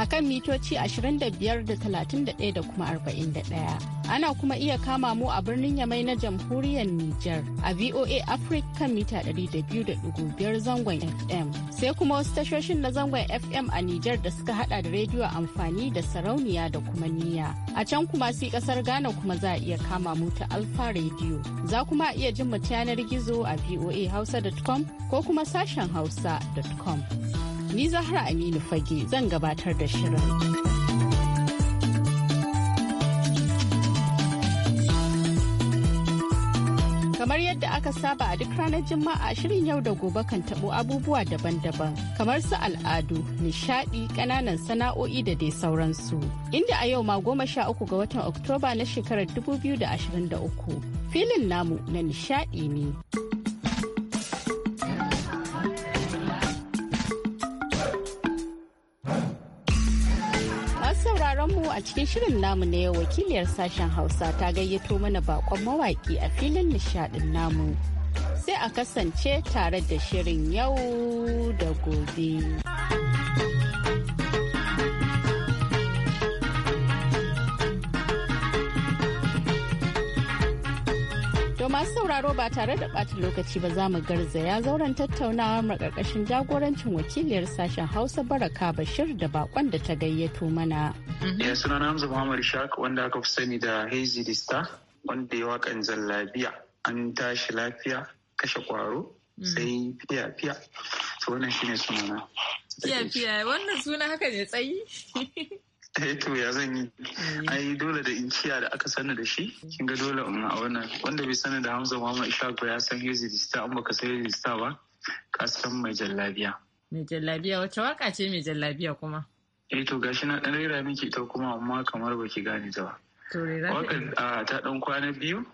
a kan mitoci 25 da 31 da kuma 41. Ana kuma iya kama mu a birnin Yamai na jamhuriyar Nijar a VOA Africa kan mita 200.5 zangon FM. Sai kuma wasu tashoshin na zangon FM a Nijar da suka hada da rediyo amfani da sarauniya da kuma niya. A can kuma si kasar Ghana kuma za a iya kama mu ta Alfa rediyo Za kuma iya jin mu yanar gizo a voahausa.com ko kuma sashen hausa.com. Ni Zahra Aminu Fage zan gabatar da shirin. kamar yadda aka saba a duk ranar Juma'a shirin yau da gobe kan tabo abubuwa daban-daban kamar su al'adu, nishadi, kananan sana'o'i da dai sauransu. Inda a yau ma goma sha uku ga watan Oktoba na shekarar 2023 filin namu na nishadi ne. a cikin shirin namu na yau wakiliyar sashen Hausa ta gayyato mana bakon mawaki a filin nishadin namu. Sai a kasance tare da shirin yau da gobe. To masu sauraro ba tare da ɓata lokaci ba za mu garzaya zauren tattaunawar makarkashin jagorancin wakiliyar sashen Hausa Baraka Bashir da bakon da ta gayyato mana. Ya eh, suna na Hamza Muhammad Shak wanda aka fi sani da Hazy the Star wanda ya wakan zallabiya an tashi lafiya kashe kwaro mm. sai fiya fiya. To wannan shine sunana. Fiya fiya wannan suna haka ne tsayi. eh to ya zan yi eh. ai dole da inciya da aka sani da shi kin ga dole in a wannan wanda bai sani da Hamza Muhammad Ishaku ya san Hezi Dista an baka sai Hezi ba ka san mai jallabiya mai jallabiya wacce waka ce mai jallabiya kuma eh to gashi na dan rera miki ita kuma amma kamar baki gane ta ba to rera waka ta dan ah, kwana biyu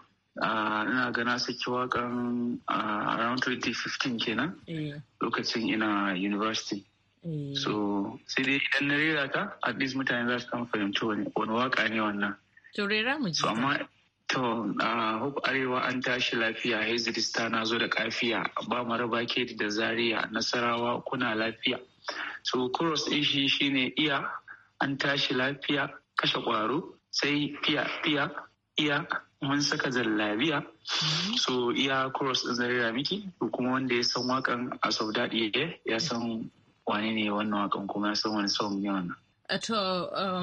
ah, ina gana saki wakan ah, around 2015 kenan eh. lokacin ina university Eh. So sai dai idan na rera ta at least mutane za su kan fahimci wani wani waka ne wannan. To rera mu ji. amma to a hope arewa an tashi lafiya hezirista na zo da kafiya ba maraba ke da zaria nasarawa kuna lafiya. So kuros din shi shine iya an tashi lafiya kashe kwaro sai fiya fiya iya mun saka zallabiya mm-hmm. so iya cross din zarira miki kuma wanda ya san wakan a sau daɗi ya san wani ne wannan wakan kuma sun wani song ne wannan. Uh, to, um,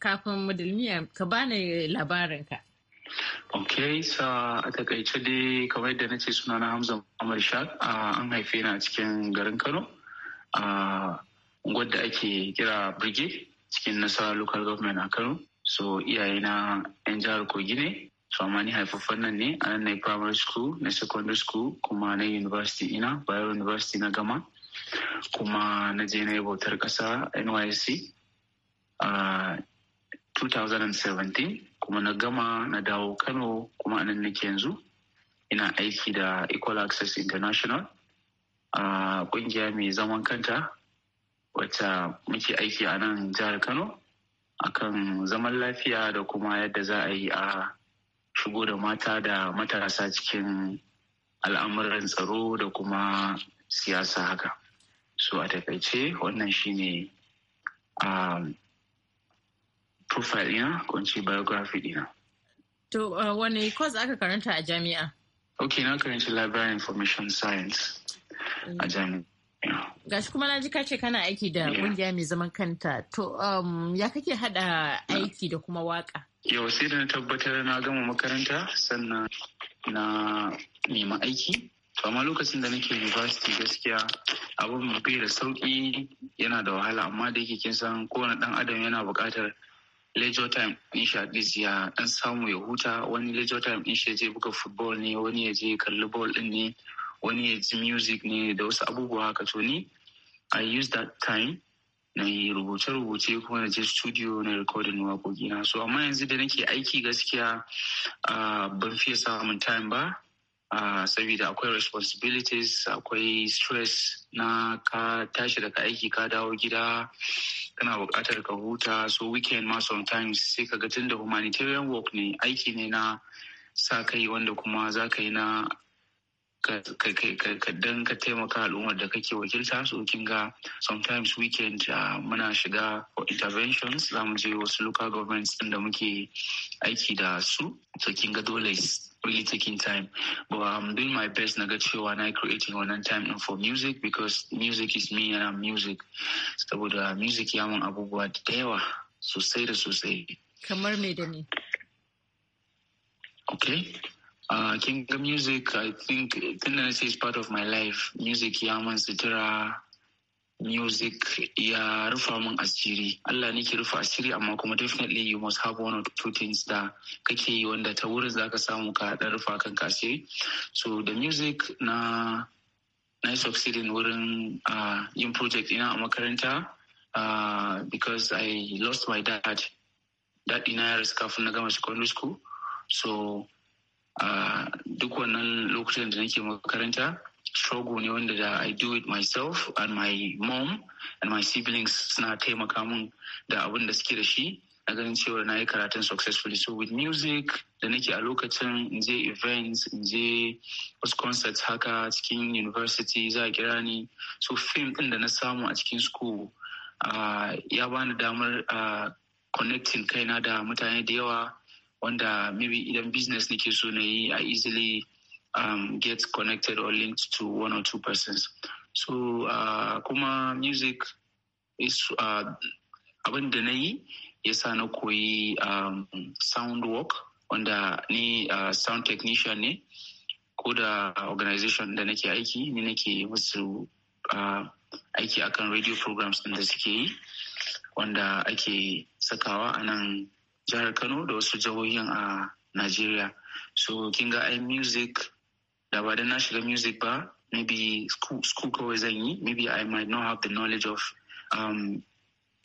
kafin mudulmiya ka bani labarinka. Ok, so a takaice dai kamar yadda na ce suna na Hamza Muhammad Shah uh, an haife ni a cikin garin Kano a uh, gwadda ake kira Brigade cikin nasara local government a Kano. So iyayena 'yan jihar Kogi ne, so amma ni haifaffen nan ne a nan na primary school, na secondary school kuma na university ina, Bayero University na gama. kuma na je na yi bautar ƙasa nysc a 2017 kuma na gama na dawo kano kuma anan nake yanzu ina aiki da equal access international a kungiya mai zaman kanta wacce muke aiki a nan jihar kano akan zaman lafiya da kuma yadda za a yi a shigo da mata da matasa cikin al'amuran tsaro da kuma siyasa haka so a takaice wannan shine um, profile ɗina ko ce biography ɗina. To uh, wani course aka karanta a jami'a? Ok, na karanta library information science a mm. jami'a. Gashi kuma na ji kace kana aiki da kungiya mai zaman kanta. To um, ya kake hada aiki da kuma waka? Yau sai da na tabbatar na gama makaranta sannan na nema aiki. To amma lokacin da nake university gaskiya abin bai da sauki yana da wahala amma da yake kin san kowane dan adam yana bukatar leisure time in sha ya dan samu ya huta wani leisure time in sha je buga football ne wani ya je kalli ball din ne wani ya ji music ne da wasu abubuwa haka to ni i use that time na yi rubuce-rubuce kuma na je studio na recording waƙoƙi na so amma yanzu da nake aiki gaskiya ah, ban fiye samun time ba Uh, ah, saboda akwai responsibilities akwai stress na ka tashi daga aiki ka dawo gida kana buƙatar ka huta so weekend ma sometimes sai ka ga tunda humanitarian work ne aiki ne na sa kai wanda kuma za ka yi na ka dan ka taimaka al'ummar da kake wakilta su kin ga sometimes weekend ah, muna shiga for interventions za mu je wasu local governments din da muke aiki da su to kin ga dole really taking time. But I'm doing my best na ga cewa na creating wannan time for music because music is me and I'm music. Saboda music ya mun abubuwa da yawa sosai da sosai. Kamar me da ni. Okay. Uh, music I think tunda sai is part of my life music ya man sutura music ya rufa mun asiri Allah ne ke rufa asiri amma kuma definitely you must have one or two things da kake yi wanda ta wurin zaka samu ka dan rufa kanka asiri so the music na na succeeding wurin uh, yin project ina a makaranta uh, because I lost my dad dad ina ya rasu kafin na gama secondary school so a duk wannan lokutan da nake makaranta struggle ne wanda da I do it myself and my mom and my siblings suna taimaka min da abin da suke da shi na ganin cewa na yi karatun successfully so with music da nake a lokacin in je events in je wasu concerts haka cikin university za a kira ni so film din da na samu a cikin school ya bani damar connecting kaina da mutane da yawa wanda maybe idan business nake so na yi i easily um, get connected or linked to one or two persons so uh, kuma music is uh, abin da na yi ya sa na koyi um, sound work wanda ni uh, sound technician ne ko da organization da nake aiki ni nake wasu uh, aiki akan radio programs din da suke yi wanda ake sakawa a nan jihar kano da wasu jihohin a nigeria so kin ga ai music da ba da na shiga music ba maybe school, school kawai zan yi maybe i might not have the knowledge of um,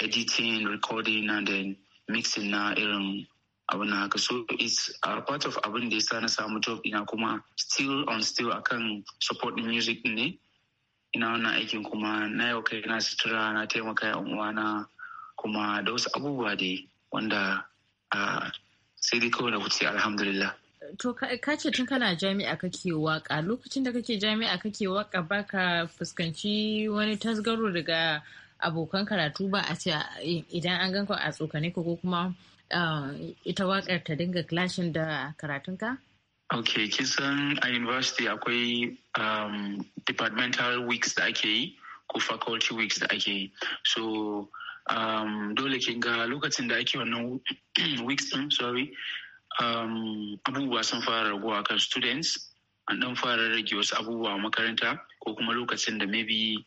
editing recording and then mixing na irin abu na haka so it's a part of abin da yasa na samu job ina kuma still on still akan support music ne ina wannan aikin kuma na yau kai na sutura na taimaka yan uwana kuma da wasu abubuwa dai wanda sai dai kawai na wuce alhamdulillah to ka ce tun kana jami'a kake waka lokacin da kake jami'a kake waka baka fuskanci wani tasgaro daga abokan karatu ba a ce idan an ganka a tsokane ko kuma ita wakar ta dinga clashin da karatunka? ok kisan a university akwai um, departmental weeks da ake yi ko faculty weeks da ake yi so um, dole ke ga lokacin da ake wannan weeks din sorry um, abubuwa sun fara raguwa kan students an dan fara rage wasu abubuwa a makaranta ko kuma lokacin da maybe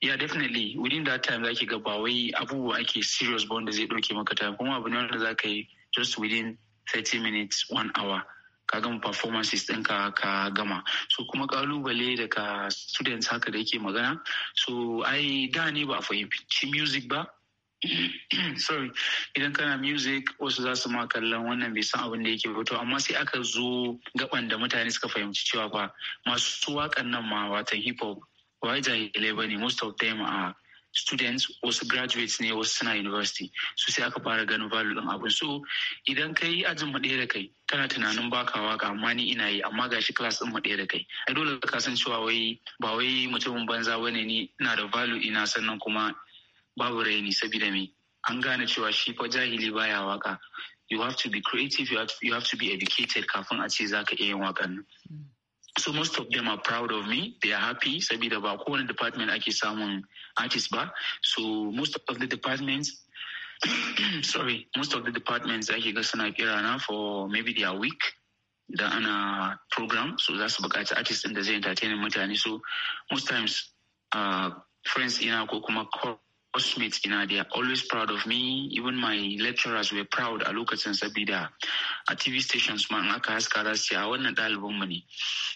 yeah definitely within that time zaki ga ba wai abubuwa ake serious ba wanda zai dauke maka time kuma abu ne wanda ka yi just within 30 minutes one hour ka gama performances ɗinka ka gama so kuma kalubale daga students haka da yake magana so ai da ne ba a fahimci music ba sorry idan kana music wasu za su ma kallon wannan bai san abin da yake fito amma sai aka zo gaban da mutane suka fahimci cewa ba masu wakan nan ma watan hip hop ba jahilai ba ne most of them a students wasu graduates ne wasu suna university su sai aka fara ganin value ɗin abin so idan ka yi ajin maɗaya da kai kana tunanin baka waka amma ni ina yi amma gashi class din maɗaya da kai ai dole ka san cewa wai ba wai mutumin banza bane ni ina da value ina sannan kuma babu raini saboda me an gane cewa shi fa jahili baya waka you have to be creative you have, you have to be educated kafin a ce zaka iya eh, yin wakan nan so most of them are proud of me they are happy saboda ba kowane department ake samun artist ba so most of the departments sorry most of the departments ake ga suna kira na for maybe they are weak da ana program so za su buƙaci artist ɗin da zai entertain mutane so most times uh, friends ina ko kuma classmates ina they are always proud of me even my lecturers were proud a lokacin sabida a TV stations ma in aka haska za su a wannan ɗalibanmu ne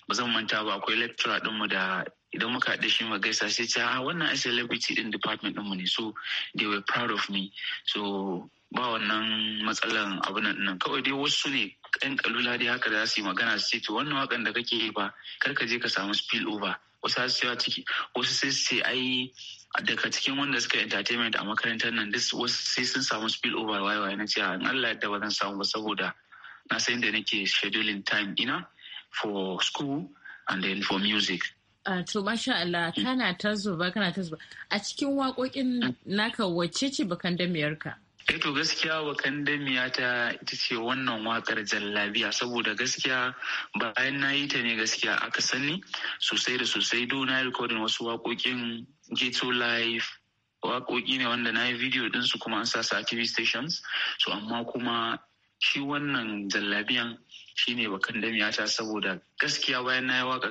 ba zan manta ba akwai lecturer ɗinmu da idan muka haɗe shi gaisa sai ce a ah, wannan a celebrity din department ɗinmu ne so they were proud of me so ba wannan matsalan abin nan kawai dai wasu ne yan kalula dai haka da magana su ce to wannan wakan da kake yi ba kar ka je ka samu spill over wasu su ciki wasu sai su ai daga cikin wanda suka entertainment a makarantar nan duk wasu sai sun samu spill over wayewa na cewa in Allah yadda ba zan samu ba saboda na san da nake scheduling time ina for school and then for music ah, to masha Allah kana ta zuba kana ta zuba a cikin waƙoƙin mm. naka wacece ce da miyarka Eh to gaskiya wakandamiya ta ita ce wannan wakar jallabiya saboda gaskiya bayan na yi ta ne gaskiya aka sani sosai da sosai do na rikodin wasu wakokin ghetto life waƙoƙi ne wanda na yi video dinsu kuma an sa su a TV stations so amma kuma shi wannan jallabiyan shine wakandamiya ta saboda gaskiya bayan na yi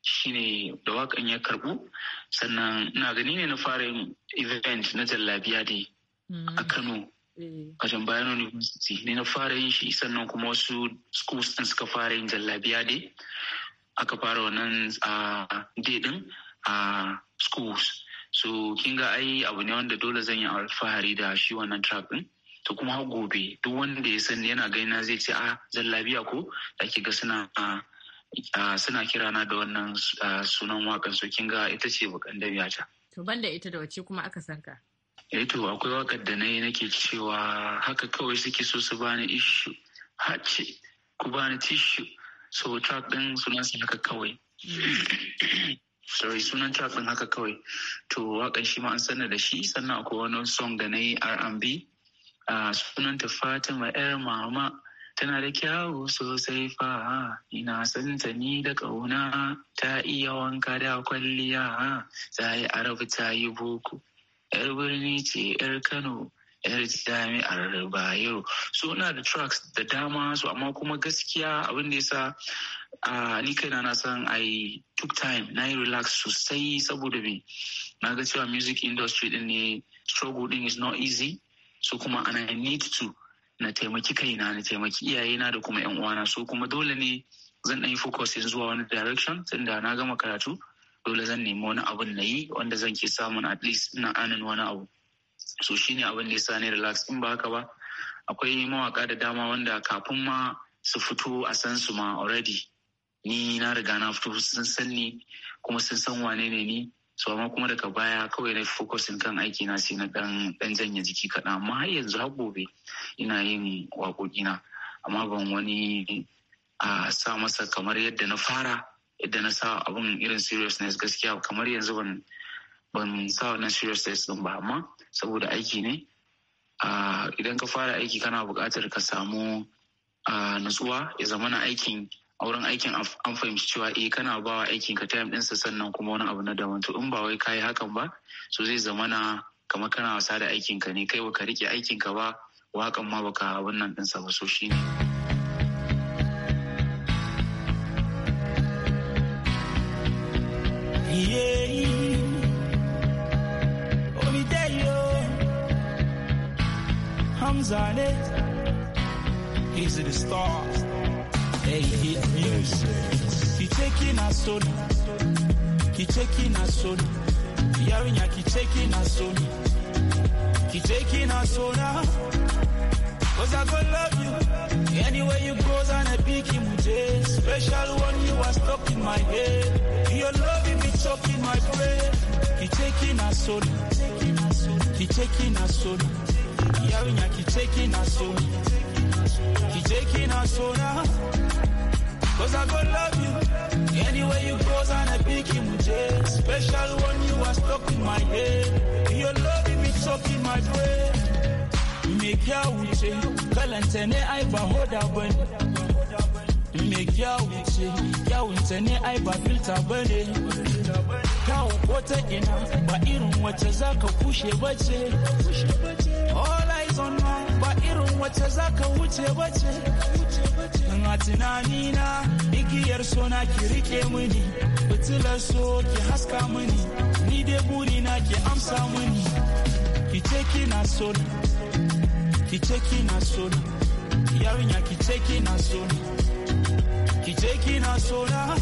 shi shine da wakan ya karbu sannan ina gani ne na fara yin event na jallabiya dai Mm-hmm. a Kano can eh. bayan university ne na fara yin shi sannan kuma wasu schools din suka fara yin jallabiya dai aka fara wannan a din a schools so kin ai abu ne wanda dole zan yi alfahari da shi wannan track din to kuma har gobe duk wanda ya sani yana gaina zai ce a ah, zallabiya ko da ga suna suna kira da wannan sunan wakan so ga ita ce bukandar ta. to banda ita da wace kuma aka sanka Eto eh to akwai wakar da na yi nake cewa haka kawai suke so su bani ishu hace ku bani tishu so track din sunan su haka kawai sorry sunan track din haka kawai to wakan shi ma an sanar da shi sannan akwai wani song da na yi R&B sunan ta Fatima yar mama tana da kyawu sosai fa ina son ta ni da ƙauna ta iya wanka da kwalliya a yi arabu ta yi boko 'yar birni ce 'yar kano 'yar jami'ar bayo so ina da tracks da dama su amma kuma gaskiya abin da yasa sa ni kaina na san i took time na yi relax sosai saboda me na ga cewa music industry din ne struggle din is not easy so kuma ana need to na taimaki kaina na taimaki iyayena da kuma yan uwana so kuma dole ne zan ɗan yi focus zuwa wani direction tunda na gama karatu dole zan nemi wani abun na yi wanda zan ke samun at least ina anin wani abu so shine abin da ya sa ni relax in ba haka ba akwai mawaka da dama wanda kafin ma su fito a san su ma already ni na riga na fito sun san ni kuma sun san wane ne ni so amma kuma daga baya kawai na in kan aiki na sai na dan dan janye jiki kaɗan amma har yanzu har gobe ina yin waƙoƙina amma ban wani a sa masa kamar yadda na fara yadda na sa abun irin seriousness gaskiya kamar yanzu ban ban sa wannan seriousness din ba amma saboda aiki ne idan ka fara aiki kana buƙatar ka samu nutsuwa ya zama na aikin auren aikin an fahimci cewa eh kana ba wa aikin ka time ɗinsa sannan kuma wani abu na daban to in ba wai kayi hakan ba so zai zama na kamar kana wasa da aikin ka ne kai baka rike aikin ka ba wakan ma baka abin nan ɗinsa ba so shine. ne Yeah. me tell you, on it. He's the star. They hit music. Kicheki na soni. Kicheki na soni. Yarinya kicheki na soni. Kicheki na sona. Cause I gonna love you. Anywhere you go, i Special one, you are stuck in my head. Your love keeps up in my brain. He taking our soul. He taking our soul. Yarinya, he taking our soul. He taking our soul now. Cause I go love you. Anywhere you go, and I pick him J. Special one, you are stuck in my head. Your love, me, stuck in my brain. Me kya wuce, kalantane ai ba hoda bane. me kyawun ce kyawun ta ne ai ba filta ba ne kyawun ko ta ina ba irin wace zaka kushe ba ce all eyes on her ba irin wace zaka wuce ba ce na tunani na igiyar so na ki rike mini fitilar so ki haska mini ni dai buri na ki amsa mini ki ce na so ki ce na so yarinya ki ce na so you taking us so now?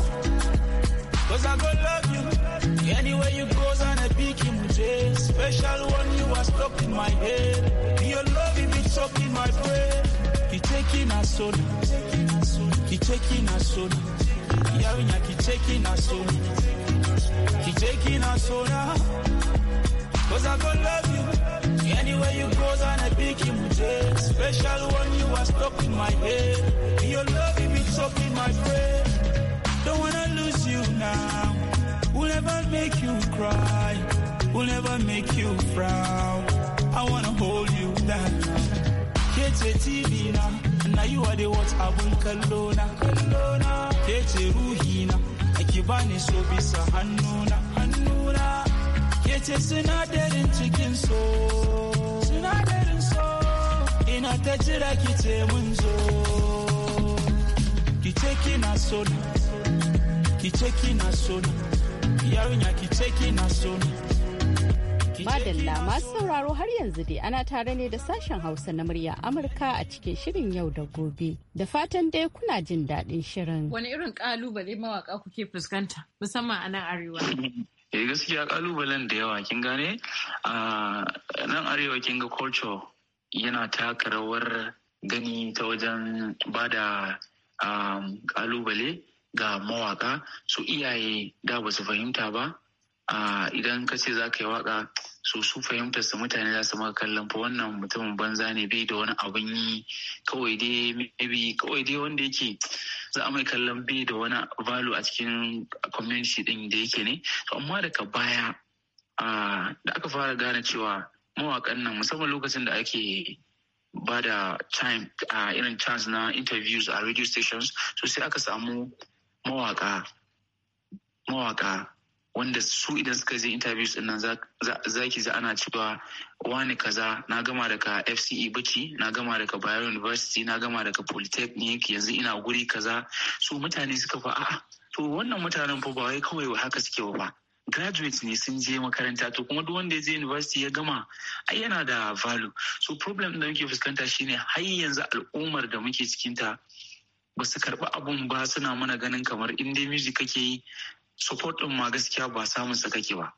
Cause I gonna love you. Anywhere you go. and I pick him J. Special one you are stuck in my head. Your love it be stuck in my brain. He taking us so now. You taking us so now. Yeah, you taking us so now. You taking us so now. Cause I gonna love you. Anywhere you go. and I pick him J. Special one you are stuck in my head. Your love it so be my friend. Don't wanna lose you now. we Will never make you cry. we Will never make you frown. I wanna hold you down. Kece TV na, na you are the what abun kallo na. Kallo na. Kece ruhi na, ake bani so bisa hannu na. Hannu na. Kece sinadarin cikin so. Sinadarin so. Ina ta jira kice mun kice kina so ni kice kina yarinya kice kina so Madalla masu sauraro har yanzu dai ana tare ne da sashen Hausa na murya Amurka a cikin shirin yau da gobe. Da fatan dai kuna jin daɗin shirin. Wani irin ƙalubale mawaƙa kuke fuskanta musamman a nan arewa? Eh gaskiya ƙalubalen da yawa kin gane a nan arewa kin ga culture yana taka rawar gani ta wajen bada Um, kalubale ga mawaka su iyaye da ba su fahimta ba idan ka ce za ka yi waka su su fahimtar su mutane za su maka kallon fa wannan mutumin banza ne bai da wani abun yi kawai dai maybe kawai dai wanda yake za a mai kallon bai da wani value a cikin community din da yake ne to amma daga baya da aka fara gane cewa mawakan nan musamman lokacin da ake ba da time a irin chance na interviews a radio stations so sai aka samu mawaka mawaka wanda su idan suka je interviews din nan zaki za ana cewa wani kaza na gama daga FCE Bichi na gama daga Bayero University na gama daga Polytechnic yanzu ina guri kaza su mutane suka fa a'a to wannan mutanen fa ba wai kawai haka suke ba graduates ne sun je makaranta to kuma duk wanda ya je university ya gama ai yana da value so problem da muke fuskanta shine har yanzu al'ummar da muke cikinta ba su karɓi abun ba suna mana ganin kamar in dai music kake yi support din ma gaskiya ba samun sa kake ba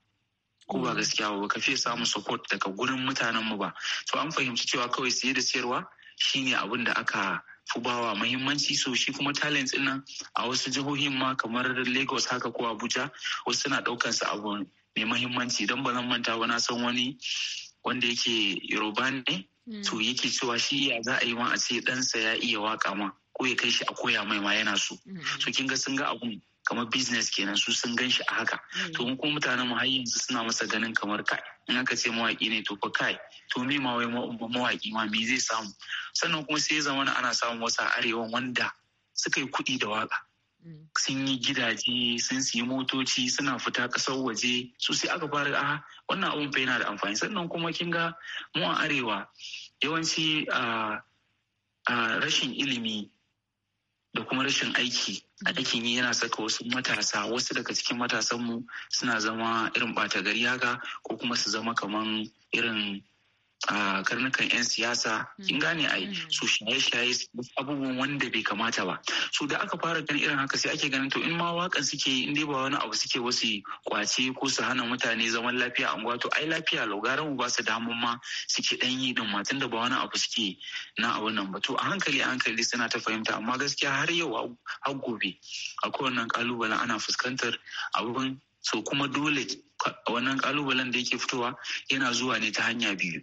ko ba gaskiya ba ka fiye samun support daga gurin mutanen mu ba to an fahimci cewa kawai siye da siyarwa shine abun da aka fubawa mahimmanci muhimmanci so shi kuma talent ina a wasu jihohin ma kamar Lagos haka ko Abuja wasu suna ɗaukan su abu mai mahimmanci don ba zan manta ba na san wani wanda yake Yoruba ne hmm. to yake cewa shi ya za a yi ma a ce dansa ya iya waka ma ko ya kai shi a koya mai ma yana so hmm. so kin ga sun ga abun kamar business kenan su sun gan shi a haka hmm. to mu kuma mutanen mu har yanzu suna masa ganin kamar kai in aka ce mawaƙi ne to fa kai to me ma wai mawaƙi ma me zai samu sannan kuma sai zama ana samun wasu a arewa wanda suka yi kuɗi da waka hmm. sun yi gidaje sun siyi motoci suna fita kasar waje su sai aka fara a wannan abun fa yana da amfani sannan kuma kin ga mu a arewa yawanci a rashin ilimi da kuma rashin aiki a aikin yi yana saka wasu matasa wasu daga cikin matasanmu suna zama irin ɓata gari haka ko kuma su zama kaman irin a karnukan 'yan siyasa hmm. kin gane ai hmm. su shaye-shaye abubuwan wanda bai kamata ba su da aka fara ganin irin haka sai ake ganin to in ma wakan suke yi in dai ba wani abu suke wasu kwace ko su hana mutane zaman lafiya a unguwa to ai lafiya lau gara mu ba su damun ma suke dan yi din matan da ba wani abu suke na abun nan ba to a hankali a hankali suna ta fahimta amma gaskiya har yau har gobe akwai wannan kalubalen ana fuskantar abubuwan. so kuma dole wannan kalubalen da yake fitowa yana zuwa ne ta hanya biyu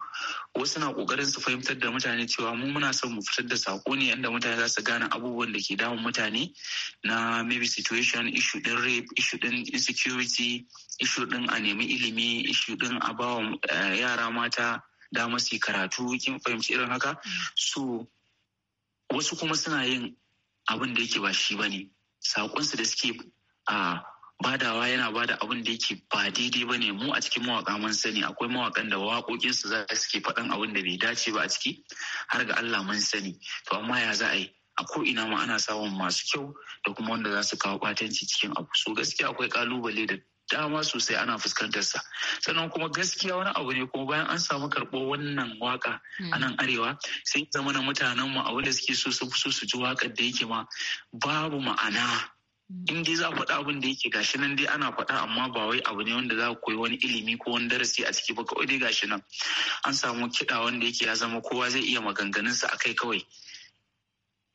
wasu na kokarin su fahimtar da mutane cewa mu muna son mu fitar da sako ne inda mutane za su gane abubuwan da ke damun mutane na maybe situation issue din rape issue din insecurity issue din a nemi ilimi issue din a bawa eh, yara mata dama su karatu kin fahimci irin haka so wasu kuma suna yin abin da yake ba shi bane sakonsu da suke a ah, badawa yana bada abin da yake ba daidai ba ne mu a cikin mawaka mun sani akwai mawakan da waƙoƙinsu za su ke faɗan abin da bai dace ba a ciki har ga Allah mun sani to amma ya za a yi a ko ina ma ana samun masu kyau da kuma wanda za su kawo ɓatanci cikin abu so gaskiya akwai kalubale da dama sosai ana fuskantar sa sannan kuma gaskiya wani abu ne kuma bayan an samu karɓo wannan waka a nan arewa sai zama na mutanen mu a wanda suke so su so su ji wakar da yake ma babu ma'ana in dai za a faɗa abin da yake gashi nan dai ana faɗa amma ba wai abu ne wanda za ku koyi wani ilimi ko wani darasi a ciki ba kawai dai gashi nan an samu kiɗa wanda yake ya zama kowa zai iya maganganunsa a kai kawai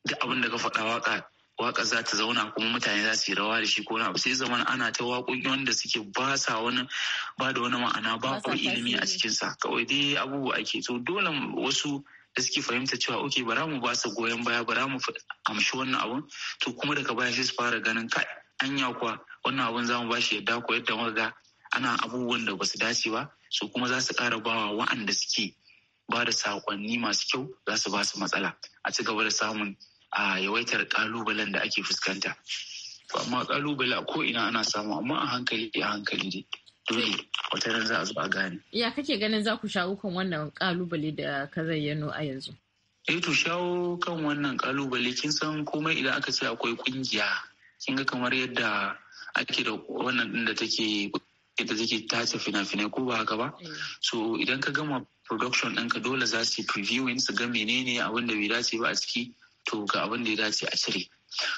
da abin da ka faɗa waka waka za ta zauna kuma mutane za su yi rawa da shi ko na sai zaman ana ta waƙoƙi wanda suke ba sa wani ba da wani ma'ana ba ko ilimi a cikinsa kawai dai abubuwa ake to dole wasu da suke fahimta cewa ok bara mu ba su goyon baya bara mu amshi wannan abun to kuma daga baya sai su fara ganin ka anya kuwa wannan abun za mu ba shi yadda ko yadda muka ga ana abubuwan da ba su dace ba su kuma za su ƙara bawa wa'anda suke ba da sakonni masu kyau za su ba su matsala a ci gaba da samun a yawaitar kalubalen da ake fuskanta. amma kalubale a ko ina ana samu amma a hankali a hankali dai dole wata ran za a zo a gane. Ya kake ganin za ku shawo kan wannan kalubale da ka zayyano a yanzu? Eh to shawo kan wannan kalubale kin san komai idan aka ce akwai kungiya kin ga kamar yadda ake da wannan din da take yadda take tace fina-finai ko ba haka ba. Eh. So idan ka gama production ɗinka dole za su yi previewing su ga menene abin da bai dace ba a ciki to ga abin da ya dace a cire.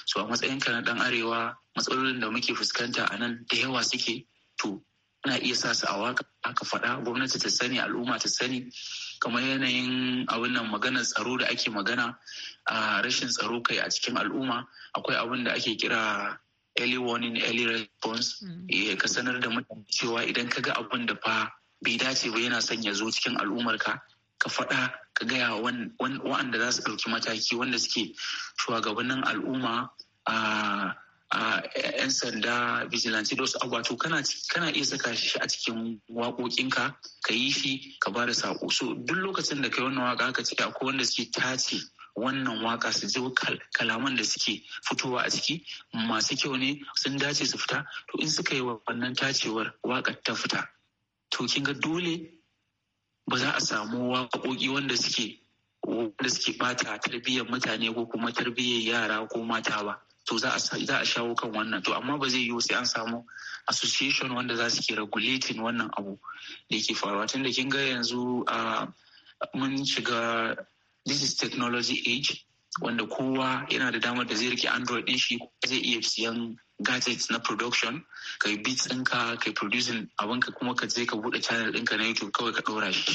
So a matsayinka na dan arewa matsalolin da muke fuskanta a nan da yawa suke to ana iya sa su a waka aka faɗa gwamnati ta sani al'umma ta sani kamar yanayin abin nan maganar tsaro da ake magana a rashin tsaro kai a cikin al'umma akwai abin da ake kira early warning early response hmm. ka sanar da mutane cewa idan ka ga abin da fa bai dace ba yana son ya zo cikin al'ummarka ka faɗa ka gaya wa'anda za su ɗauki mataki wanda suke shugabannin al'umma a a 'yan sanda vigilante da wasu wato kana iya saka shi a cikin waƙoƙinka ka yi shi ka ba da saƙo so duk lokacin da kai wannan waka ka ce akwai wanda suke tace wannan waka su ji kalaman da suke fitowa a ciki masu kyau ne sun dace su fita to in suka yi wannan tacewar waka ta fita to kin ga dole ba za a samu waƙoƙi wanda suke wanda suke bata tarbiyyar mutane ko kuma tarbiyyar yara ko mata ba to za a shawo kan wannan to amma ba zai yiwu sai an samu association wanda za su ke regulating wannan abu da ke faruwa tun da kin ga yanzu mun shiga this is technology age wanda kowa yana da damar da zai rike android din shi zai iya siyan gadgets na production kai beats ɗinka kai producing abinka kuma ka je ka buɗe channel ɗinka na youtube kawai ka ɗora shi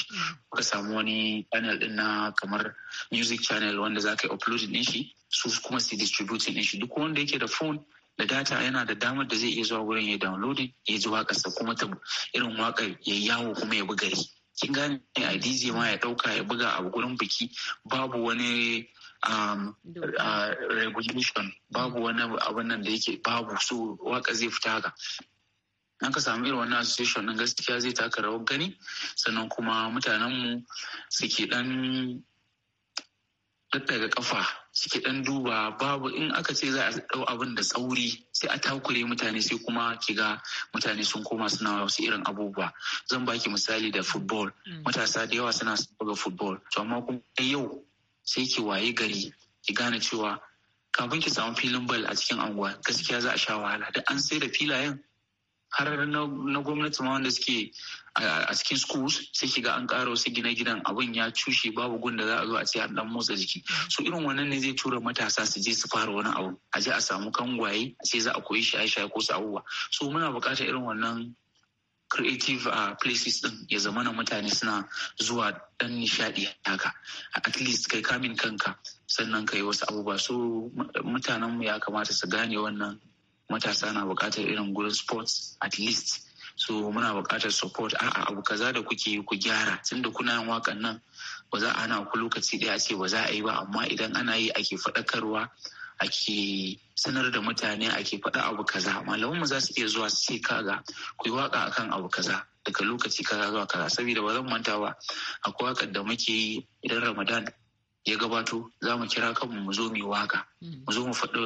ka samu wani channel ɗin na kamar music channel wanda za ka yi uploading ɗin shi su kuma su distributing ɗin shi duk wanda yake da phone da data yana da damar da zai iya zuwa wurin ya downloading ya ji waƙarsa kuma ta irin waƙar ya yawo kuma ya buga gari kin gane a DJ ma ya ɗauka ya buga a gurin biki babu wani um, uh, regulation babu wani abin nan da yake babu so waka zai fita haka an ka samu irin wannan association din gaskiya zai taka rawar gani sannan kuma mutanenmu suke dan daga kafa suke dan duba babu in aka ce za a dau abin da tsauri sai a takure mutane sai kuma kiga mutane sun koma suna wasu irin abubuwa zan baki misali da football mm. matasa da yawa suna ga football to amma kuma yau sai ki waye gari ki gane cewa kafin ki samu filin bal a cikin anguwa gaskiya za a sha wahala da an sai da filayen har na gwamnati ma wanda suke a cikin schools sai ki ga an ƙara wasu gine-ginen abin ya cushe babu gun da za a zo a ce an dan motsa jiki so irin wannan ne zai tura matasa su je su fara wani abu a je a samu kangwaye sai za a koyi shaye-shaye ko su abubuwa so muna buƙatar irin wannan creative uh, places din ya zama na mutane suna zuwa dan nishadi haka at least kai kamin kanka sannan kai wasu abubuwa so mu ya kamata su gane wannan matasa na bukatar irin gurin sports at least so muna bukatar support a'a abu kaza da kuke ku gyara tunda kuna yin wakan nan ba za a hana ku lokaci daya ce ba za a yi ba amma idan ana yi ake faɗakarwa ake sanar da mutane ake faɗa abu kaza malaman mu za su iya zuwa su ce kaga ku yi waka akan abu kaza daga lokaci kaza zuwa kaza saboda ba zan manta ba akwai wakar da muke yi idan ramadan ya gabato za mu kira kanmu mu zo mu yi waka mu zo mu faɗi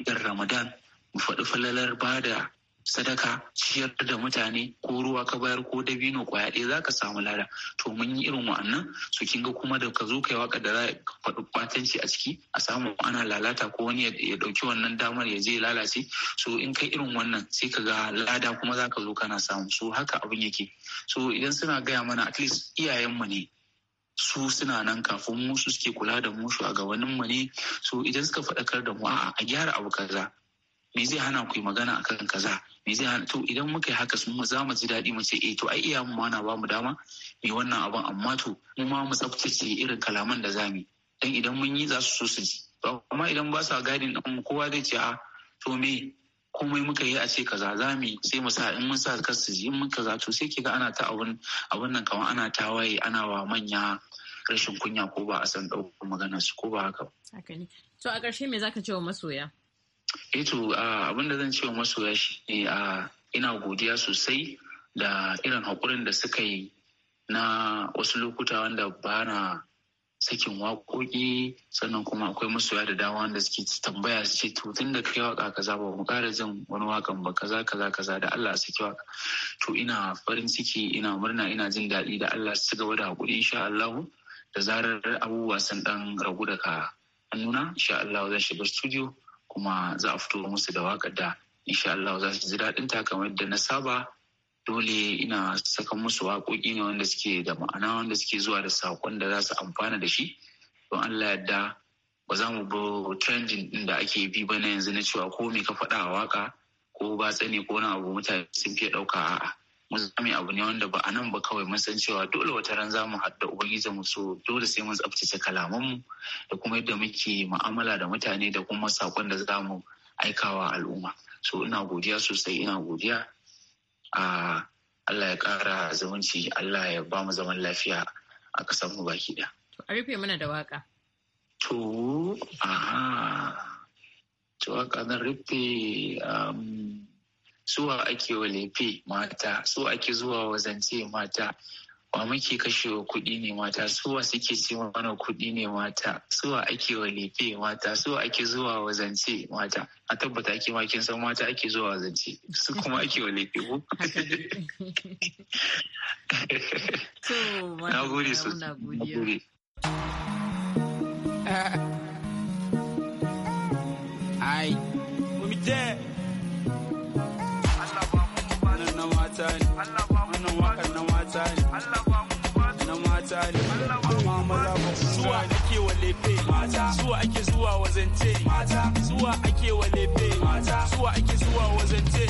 idan ramadan mu faɗi falalar bada. sadaka ciyar da mutane ko ruwa ka bayar ko dabino kwaya ɗaya za ka samu lada to mun yi irin wa'annan su kin ga kuma da ka zo kai waka da za ka faɗi a ciki a samu ana lalata ko wani ya ɗauki wannan damar ya je lalace so in kai irin wannan sai ka ga lada kuma za ka zo kana samu so haka abin yake so idan suna gaya mana at least iyayenmu ne su suna nan kafin mu su suke kula da mu shugabanninmu ne so idan suka faɗakar da mu a gyara abu kaza me zai hana ku yi magana akan kaza me zai hana to idan muka yi haka mu za mu ji daɗi mu ce eh to ai iya mu ma na ba mu dama mu wannan abin amma to mu ma mu tsaftace irin kalaman da zamu dan idan mun yi za su so su ji amma idan ba sa gadin din kowa zai ce a ah, to me komai muka yi a ce kaza za mu sai mu sa in mun sa kar su ji in mun kaza to sai kiga ana ta abun abun nan kamar ana ta waye ana wa manya rashin kunya ko ba a san ɗaukar magana su ko ba haka. To a ƙarshe me zaka ce wa masoya? Ito eh ah, abin da zan ce wa masoya shi ne a ah, ina godiya sosai da irin haƙurin da suka yi na wasu lokuta wanda ba na sakin waƙoƙi sannan kuma akwai masoya da dama wanda suke tambaya su ce to tun da kai waka kaza ba mu ƙara jin wani wakan ba kaza kaza kaza da Allah su ke waka to ina farin ciki ina murna ina jin daɗi da Allah su gaba da haƙuri insha Allah da zarar abubuwa sun ɗan ragu daga hannuna insha Allah zan shiga studio kuma za a fito musu da waƙar da insha Allah za su ji daɗin ta kamar yadda na saba dole ina saka musu waƙoƙi ne wanda suke da ma'ana wanda suke zuwa da saƙon da za su amfana da shi don Allah yadda ba za mu bi trending ɗin da ake bi ba na yanzu na cewa ko me ka faɗa a waƙa ko ba tsani ko wani abu mutane sun fiye ɗauka a'a mu zami abu ne wanda ba a nan ba kawai mun san cewa dole wata ran za mu haɗa ubangiji mu so dole sai mun tsabtace kalamanmu da kuma yadda muke mu'amala da mutane da kuma sakon da za mu aikawa al'umma so ina godiya sosai ina godiya a Allah ya ƙara zumunci Allah ya ba mu zaman lafiya a ƙasar mu baki da. To a rufe mana da waka. To aha to waka zan rufe um, suwa ake wa lefe mata suwa ake zuwa wa mata wa muke kashewa kuɗi ne mata suwa suke ce mana kuɗi ne mata suwa ake wa lefe mata suwa ake zuwa wa mata a tabbata ake ma kin san mata ake zuwa wa su kuma ake wa lefe ko na gode su na gode mata ne wannan wakan na mata ne na mata ne amma maza ba zuwa ake wa mata zuwa ake zuwa mata zuwa ake wa lefe mata zuwa ake zuwa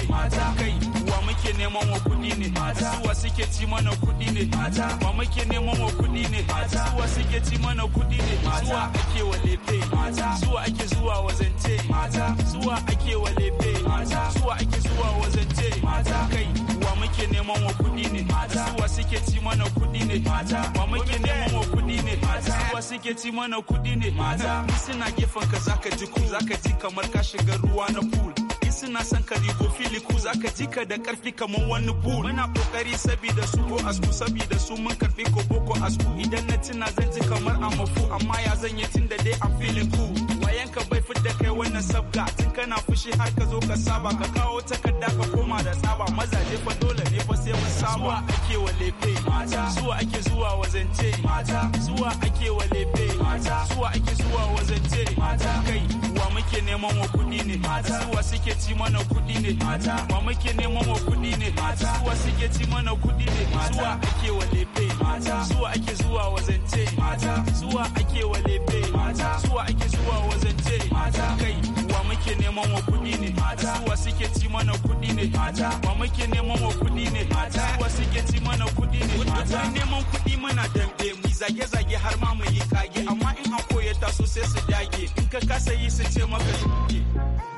mata kai wa muke neman wa kuɗi ne suwa suke ci mana kuɗi ne wa muke neman wa kuɗi ne suwa suke ci mana kuɗi ne zuwa ake wa lefe zuwa ake zuwa wa zance zuwa ake wa lefe zuwa ake zuwa wa zance kai wa muke neman wa kuɗi ne suwa suke ci mana kuɗi ne wa muke neman wa kuɗi ne suwa suke ci mana kuɗi ne suna gefen ka zaka ji ku zaka ji kamar ka shiga ruwa na pool suna son ka rigo fili ku za ji ka da karfi kamar wani bul muna kokari sabida su ko asku sabida su mun karfi ko boko asku idan na tuna zan ji kamar amafu amma ya zan yi tun dai a feeling cool Halin ka bai da kai wannan sabga tun kana fushi har ka zo ka saba ka kawo takarda ka koma da tsaba mazaje fa dole ne fa sai mun saba ake wa lefe mata zuwa ake zuwa wazance mata zuwa ake wa lefe mata zuwa ake zuwa wazance mata kai wa muke neman wa kudi ne mata zuwa suke ci mana kudi ne mata wa muke neman wa kudi ne mata zuwa suke ci mana kudi ne zuwa ake wa lefe mata, zuwa ake zuwa wazance zuwa ake wa lefe zuwa ake zuwa wazance kai wa muke neman wa kudi ne mata, zuwa suke ci mana kudi ne mata, wa muke neman wa kudi ne mata, zuwa suke ci mana kudi ne wani neman kudi muna dambe mu zage-zage har ma mu yi kage amma in an ta taso sai su dage in ka kasa yi su ce maka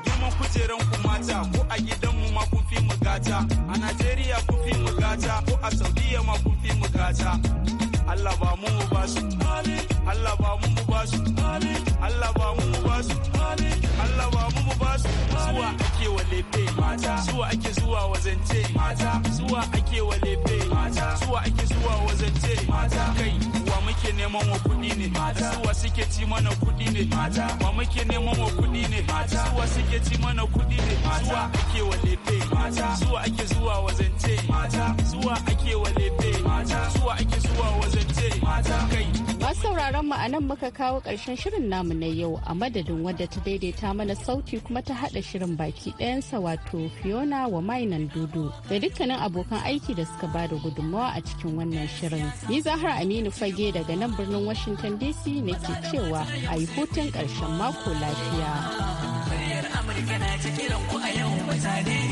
girman kujeran ku mata ko a gidanmu ma kun fi mu gata a najeriya kun fi mu gata ko a saudiya ma caca Allah ba mu ba su Allah ba mu ba su Allah ba mu ba su Allah ba mu ba su zuwa ake wa mata zuwa ake zuwa wazance mata zuwa ake wa mata zuwa ake zuwa wazance mata kai muke neman wa kuɗi ne mata suwa suke ci mana kuɗi ne mata ba muke neman wa kuɗi ne mata suwa suke ci mana kuɗi ne zuwa ake wa lefe zuwa ake zuwa wa zance mata zuwa ake wa lefe zuwa ake zuwa wa zance mata kai Masu sauraron mu a muka kawo ƙarshen shirin namu na yau a madadin wadda ta daidaita mana sauti kuma ta haɗa shirin baki ɗayansa wato Fiona wa mainan dudu da dukkanin abokan aiki da suka bada gudunmawa a cikin wannan shirin. Ni zahar Aminu Fage daga nan birnin Washington DC nake cewa a yi hutun ƙarshen mako lafiya. Amurka na ta ku a yau mutane